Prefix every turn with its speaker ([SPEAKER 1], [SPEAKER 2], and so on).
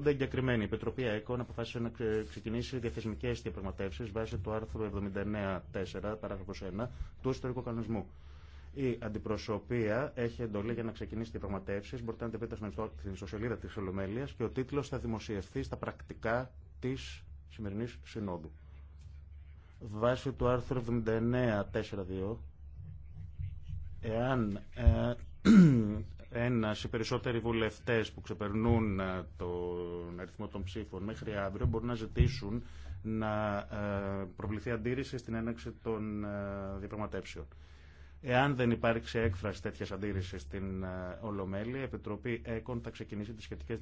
[SPEAKER 1] είναι εγκεκριμένοι. Η Επιτροπή ΕΚΟΝ αποφάσισε να ξεκινήσει διαθεσμικέ διαπραγματεύσει βάσει του άρθρου 79.4, παράγραφο 1 του ιστορικού κανονισμού. Η αντιπροσωπεία έχει εντολή για να ξεκινήσει διαπραγματεύσει. Μπορείτε να την βρείτε στην ιστοσελίδα τη Ολομέλεια και ο τίτλο θα δημοσιευθεί στα πρακτικά τη σημερινή συνόδου. Βάσει του άρθρου 79.4.2, εάν ε, ένα ή περισσότεροι βουλευτέ που ξεπερνούν ε, τον αριθμό των ψήφων μέχρι αύριο μπορούν να ζητήσουν να ε, προβληθεί αντίρρηση στην έναξη των ε, διαπραγματεύσεων. Εάν δεν υπάρξει έκφραση τέτοια αντίρρηση στην Ολομέλη, η Επιτροπή ΕΚΟΝ θα ξεκινήσει τι σχετικέ